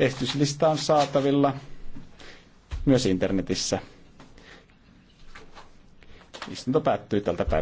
Estyslista on saatavilla myös internetissä. Istunto päättyy tältä päivältä.